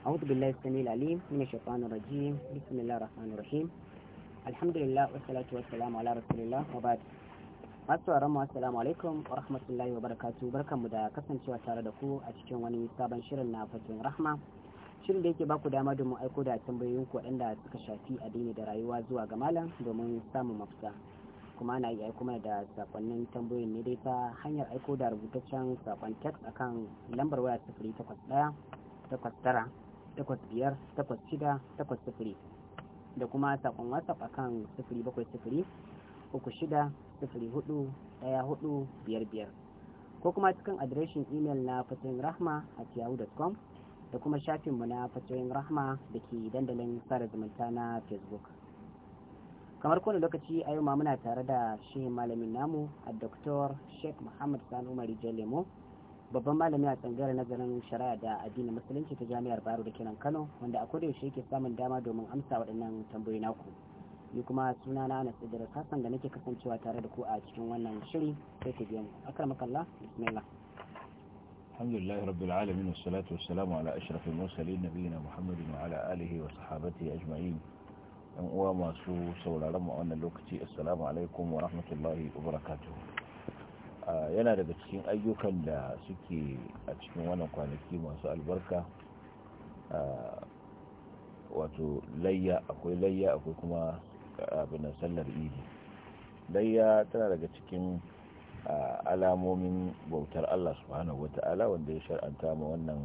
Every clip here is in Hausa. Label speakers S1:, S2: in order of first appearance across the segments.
S1: أعوذ بالله السميع العليم من الشيطان الرجيم بسم الله الرحمن الرحيم الحمد لله والصلاة والسلام على رسول الله وبعد mu assalamu alaikum wa rahmatullahi wa da kasancewa tare da ku a cikin wani sabon shirin na fatin rahma shirin da yake baku dama domin aiko da tambayoyin ku waɗanda suka shafi addini da rayuwa zuwa ga malam domin samun mafita kuma ana yi aiko mana da sakonnin tambayoyin ne dai ta hanyar aiko da rubutaccen sakon text akan lambar waya sifiri takwas ɗaya takwas tara takwas biyar takwas shida takwas sifiri da kuma saƙon whatsapp akan sifiri bakwai sifiri uku shida sifiri hudu ɗaya hudu biyar biyar ko kuma cikin adireshin imel na fatoyin rahma a yahoo.com da kuma shafinmu na fatoyin rahma da ke dandalin sada zumunta na facebook kamar kowane lokaci a yau ma muna tare da shi malamin namu a dr sheikh muhammad sanu umar lemo babban malami a tsangarar nazarin shari'a da addinin musulunci ta jami'ar baro da kenan kano wanda a kodayaushe yaushe yake samun dama domin amsa waɗannan tambayoyi naku ni kuma sunana na nasu da rasasan da nake kasancewa tare da ku a cikin wannan shirin sai ta biyan akar makalla bismillah
S2: alhamdulillahi rabbil alamin wassalatu wassalamu ala ashrafil mursalin nabiyina muhammadin wa ala alihi wa sahbihi ajma'in yan uwa masu sauraron mu a wannan lokaci assalamu alaikum wa rahmatullahi wa barakatuh yana daga cikin ayyukan da suke a cikin wannan kwanaki masu albarka wato layya akwai layya akwai kuma abin sallar idi layya tana daga cikin alamomin bautar Allah subhanahu wata'ala wanda ya shar'anta ma wannan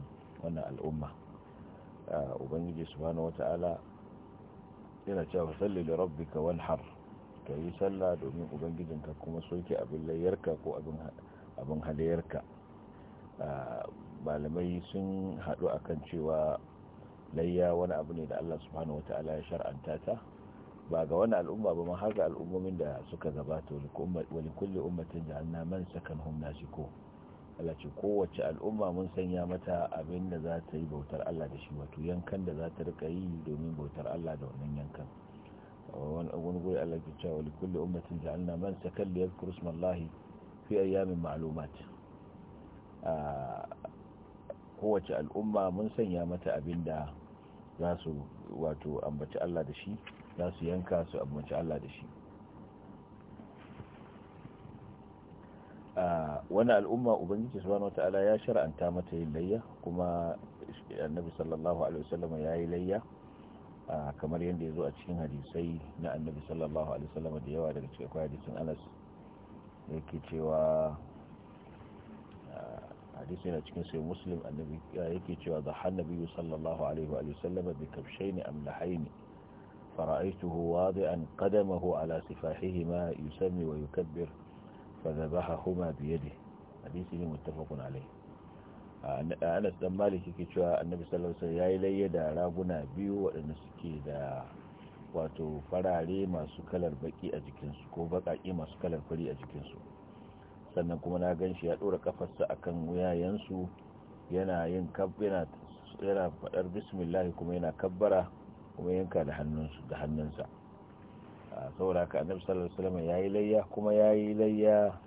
S2: wannan al'umma ubangiji subhanahu wata'ala yana cewa salli li rabbika wanhar ka yi sallah domin ubangijinka soke abin layyarka ko abin halayyarka ah, malamai sun haɗu akan cewa layya wani abu ne da Allah subhanahu wata'ala ya shar'anta ta ba ga wani al'umma ba ma haka al'ummomin da suka gabata wani kulle ummatin hannu man sakan hum ko Allah ce kowace al'umma mun sanya mata abin da za ta yi bautar Allah da shi wato yankan da za ta rika yi domin bautar Allah da wannan yankan wani wani guri Allah ke cewa wani kulle ummatin ja'alna man ya yadhkuru isma mallahi fi ayyamin ma'lumat kowace al'umma mun sanya mata abin da za su wato ambaci Allah da shi za su yanka su ambaci Allah da shi wani al'umma ubangiji subhanahu wataala ya shara'anta mata yin layya kuma annabi sallallahu alaihi wasallam ya yi layya kamar yadda ya zo a cikin hadisai na annabi sallallahu alaihi wasallam da yawa daga cikin hadisin anas da yake cewa hadisi na cikin sai muslim annabi yake cewa da hannabi sallallahu alaihi wa sallam bi kabshayn amlahayn fara'aytuhu wadi'an qadamahu ala sifahihima yusammi wa yukabbir fadhabahahuma huma biyade hadisi ne muttafaqun alaihi anas dan malik yake cewa annabi sallallahu alaihi wasallam yayi layya da raguna biyu wadanda suke da wato farare masu kalar baki a jikinsu ko bakaki masu kalar fari a jikinsu sannan kuma na gan shi ya dora kafarsa akan wuyayensu yana yin kabbina yana faɗar bismillah kuma yana kabbara kuma yanka da hannunsa da hannunsa saboda haka annabi sallallahu alaihi wasallam yayi layya kuma yayi layya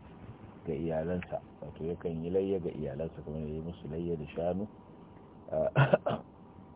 S2: ga iyalansa wato yakan yi layya ga iyalansa kuma ya yi musu layya da shanu